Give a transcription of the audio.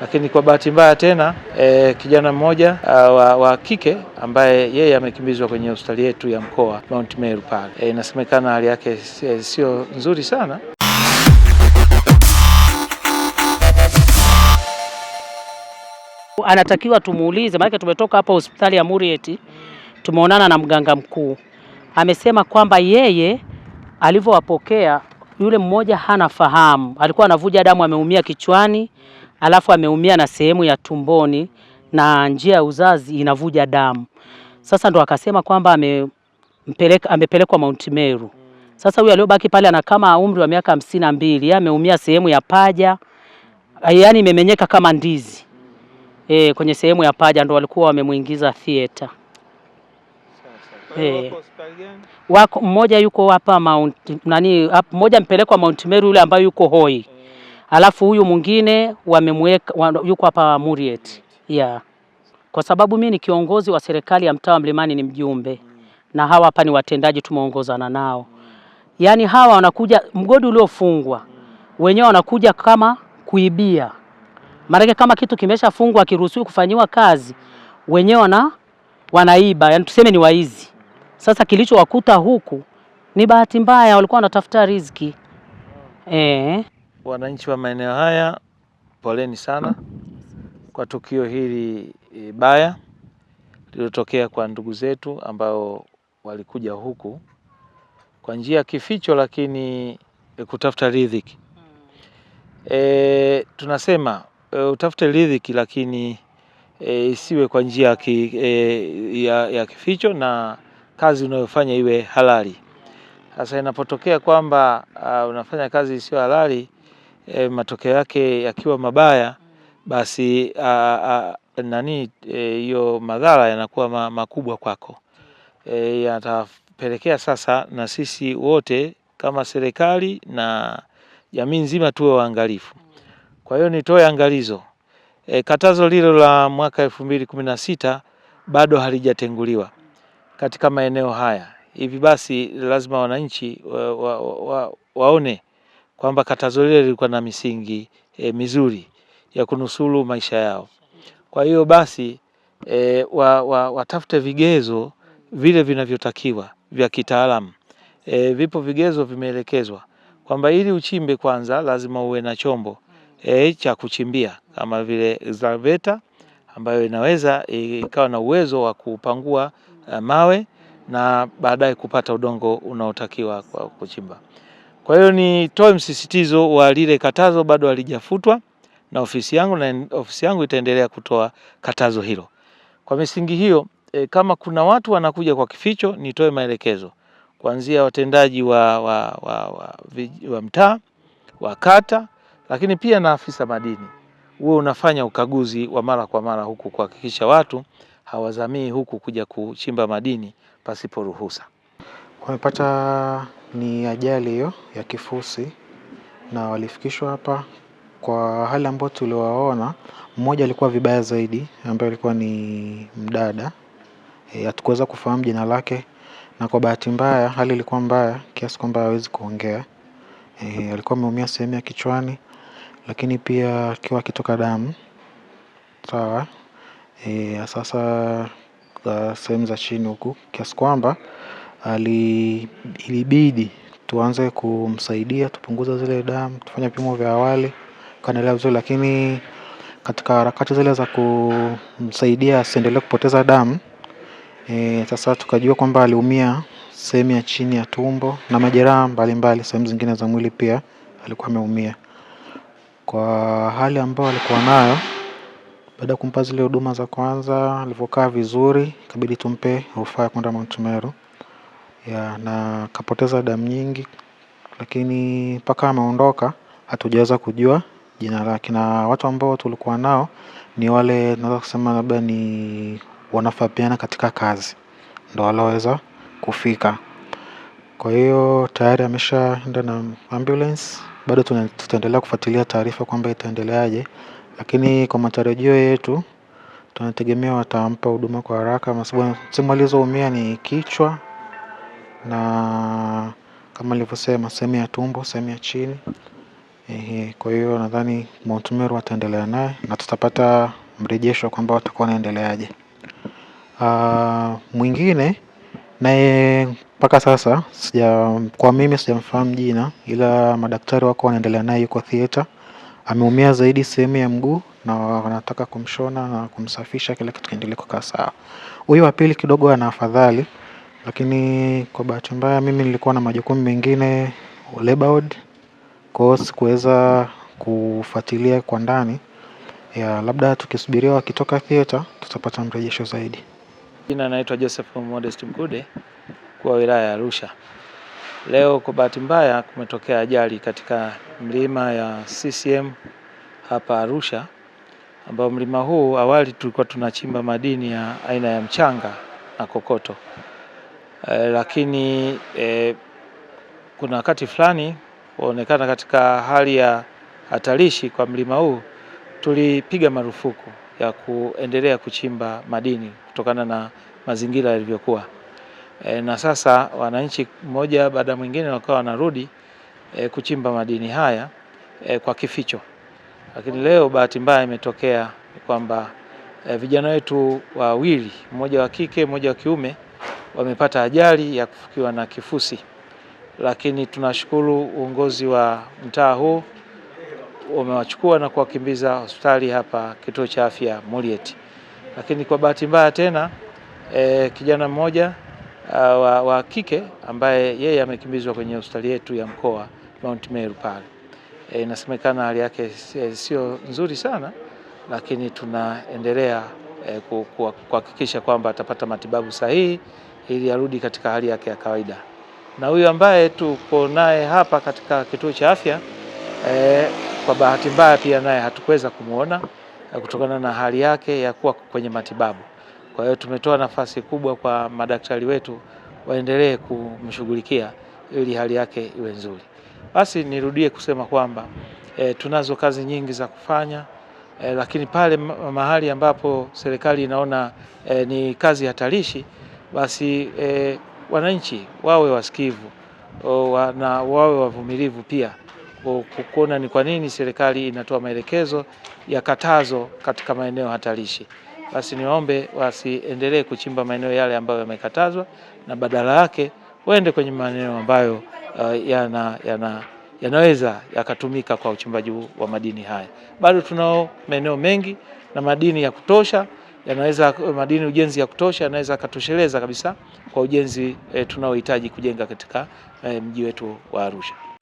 Lakini kwa bahati mbaya tena e, kijana mmoja wa, wa kike ambaye yeye amekimbizwa kwenye hospitali yetu ya mkoa Mount Meru pale, e, inasemekana hali yake sio nzuri sana. Anatakiwa tumuulize, maanake tumetoka hapa hospitali ya Murieti, tumeonana na mganga mkuu, amesema kwamba yeye alivyowapokea yule mmoja hana fahamu, alikuwa anavuja damu, ameumia kichwani alafu ameumia na sehemu ya tumboni na njia ya uzazi inavuja damu. Sasa ndo akasema kwamba amepelekwa amepelekwa Mount Meru. Sasa huyu aliyobaki pale ana kama umri wa miaka hamsini na mbili, yeye ameumia sehemu ya paja, eh, yaani imemenyeka kama ndizi e, kwenye sehemu ya paja ndo walikuwa wamemwingiza theater. E, wako mmoja yuko hapa Mount nani, mmoja mpelekwa Mount Meru, yule ambayo yuko hoi Alafu huyu mwingine wamemweka wa, yuko hapa Muriet. Yeah. Kwa sababu mimi ni kiongozi wa serikali ya mtaa wa Mlimani, ni mjumbe na hawa hapa ni watendaji tumeongozana nao. Yaani hawa wanakuja mgodi uliofungwa wenyewe wanakuja kama kuibia, maanake kama kitu kimeshafungwa akiruhusiwi kufanyiwa kazi wenyewe wana wanaiba, yaani tuseme ni waizi. Sasa kilichowakuta huku ni bahati mbaya, walikuwa wanatafuta riziki eh. Wananchi wa maeneo haya, poleni sana kwa tukio hili e, baya lililotokea kwa ndugu zetu ambao walikuja huku kwa njia ya kificho, lakini kutafuta riziki. E, tunasema e, utafute riziki lakini e, isiwe kwa njia ki, e, ya, ya kificho na kazi unayofanya iwe halali. Sasa inapotokea kwamba uh, unafanya kazi isiyo halali e, matokeo yake yakiwa mabaya mm. basi a, a, nani e, hiyo e, madhara yanakuwa ma, makubwa kwako mm. e, yatapelekea sasa na sisi wote kama serikali na jamii nzima tuwe waangalifu. Mm. Kwa hiyo nitoe angalizo e, katazo lilo la mwaka elfu mbili kumi na sita bado halijatenguliwa katika maeneo haya. Hivi basi lazima wananchi wa, wa, wa, waone kwamba katazo lile lilikuwa na misingi e, mizuri ya kunusuru maisha yao. Kwa hiyo basi e, wa, wa, watafute vigezo vile vinavyotakiwa vya kitaalamu. E, vipo vigezo vimeelekezwa kwamba ili uchimbe kwanza lazima uwe na chombo e, cha kuchimbia kama vile graveta ambayo inaweza ikawa na uwezo wa kupangua mawe na baadaye kupata udongo unaotakiwa kwa kuchimba. Kwa hiyo nitoe msisitizo wa lile katazo bado halijafutwa na ofisi yangu na ofisi yangu itaendelea kutoa katazo hilo. Kwa misingi hiyo e, kama kuna watu wanakuja kwa kificho, nitoe maelekezo kuanzia watendaji wa, wa, wa, wa, wa mtaa wa kata, lakini pia na afisa madini huwe unafanya ukaguzi wa mara kwa mara huku kuhakikisha watu hawazamii huku kuja kuchimba madini pasipo ruhusa. Wamepata ni ajali hiyo ya kifusi na walifikishwa hapa kwa hali ambayo tuliwaona, mmoja alikuwa vibaya zaidi ambaye alikuwa ni mdada e, hatukuweza kufahamu jina lake, na kwa bahati mbaya hali ilikuwa mbaya kiasi kwamba hawezi kuongea e, alikuwa ameumia sehemu ya kichwani, lakini pia akiwa akitoka damu sawa. E, sasa sehemu za chini huku kiasi kwamba ilibidi tuanze kumsaidia tupunguze zile damu tufanye vipimo vya awali akaendelea vizuri lakini katika harakati zile za kumsaidia asiendelee kupoteza damu e, sasa tukajua kwamba aliumia sehemu ya chini ya tumbo na majeraha mbalimbali sehemu zingine za mwili pia alikuwa ameumia kwa hali ambayo alikuwa nayo baada ya kumpa zile huduma za kwanza alivyokaa vizuri ikabidi tumpe rufaa ya kwenda Mount Meru ya na kapoteza damu nyingi lakini mpaka ameondoka hatujaweza kujua jina lake na watu ambao tulikuwa nao ni wale naweza kusema labda ni wanafaapiana katika kazi ndo waloweza kufika kwa hiyo tayari ameshaenda na ambulance bado tutaendelea kufuatilia taarifa kwamba itaendeleaje lakini kwa matarajio yetu tunategemea watampa huduma kwa haraka kwa sababu sehemu alizoumia ni kichwa na kama nilivyosema sehemu ya tumbo, sehemu ya chini. Kwa hiyo nadhani Mount Meru ataendelea naye na tutapata mrejesho kwamba watakuwa wanaendeleaje. Ah, mwingine naye mpaka sasa sija, kwa mimi sijamfahamu jina, ila madaktari wako wanaendelea naye, yuko theater. Ameumia zaidi sehemu ya mguu na wanataka kumshona na kumsafisha, kila kitu kiendelee kukaa sawa. Huyu wa pili kidogo ana afadhali lakini kwa bahati mbaya mimi nilikuwa na majukumu mengine labor ward sikuweza kufuatilia kwa ndani ya labda tukisubiria wakitoka theater tutapata mrejesho zaidi. Jina naitwa Joseph Modest Mkude kwa wilaya ya Arusha. Leo kwa bahati mbaya kumetokea ajali katika mlima ya CCM hapa Arusha, ambao mlima huu awali tulikuwa tunachimba madini ya aina ya mchanga na kokoto. Eh, lakini e, kuna wakati fulani huonekana katika hali ya hatarishi kwa mlima huu, tulipiga marufuku ya kuendelea kuchimba madini kutokana na mazingira yalivyokuwa. E, na sasa wananchi mmoja baada mwingine wakawa wanarudi e, kuchimba madini haya e, kwa kificho, lakini leo bahati mbaya imetokea kwamba e, vijana wetu wawili, mmoja wa kike, mmoja wa kiume wamepata ajali ya kufukiwa na kifusi, lakini tunashukuru uongozi wa mtaa huu wamewachukua na kuwakimbiza hospitali hapa kituo cha afya Murieti. Lakini kwa bahati mbaya tena e, kijana mmoja wa, wa kike ambaye yeye amekimbizwa kwenye hospitali yetu ya mkoa Mount Meru pale e, inasemekana hali yake e, sio nzuri sana, lakini tunaendelea eh, kuhakikisha kwamba atapata matibabu sahihi ili arudi katika hali yake ya kawaida. Na huyu ambaye tuko naye hapa katika kituo cha afya eh, kwa bahati mbaya pia naye hatukuweza kumwona eh, kutokana na hali yake ya kuwa kwenye matibabu. Kwa hiyo tumetoa nafasi kubwa kwa madaktari wetu waendelee kumshughulikia ili hali yake iwe nzuri. Basi nirudie kusema kwamba eh, tunazo kazi nyingi za kufanya e, lakini pale mahali ambapo serikali inaona e, ni kazi hatarishi, basi e, wananchi wawe wasikivu o, na wawe wavumilivu pia kuona ni kwa nini serikali inatoa maelekezo ya katazo katika maeneo hatarishi. Basi niombe wasiendelee kuchimba maeneo yale ambayo yamekatazwa, na badala yake waende kwenye maeneo ambayo uh, yana, yana yanaweza yakatumika kwa uchimbaji wa madini haya. Bado tunao maeneo mengi na madini ya kutosha yanaweza madini ujenzi ya kutosha yanaweza akatosheleza kabisa kwa ujenzi e, tunaohitaji kujenga katika e, mji wetu wa Arusha.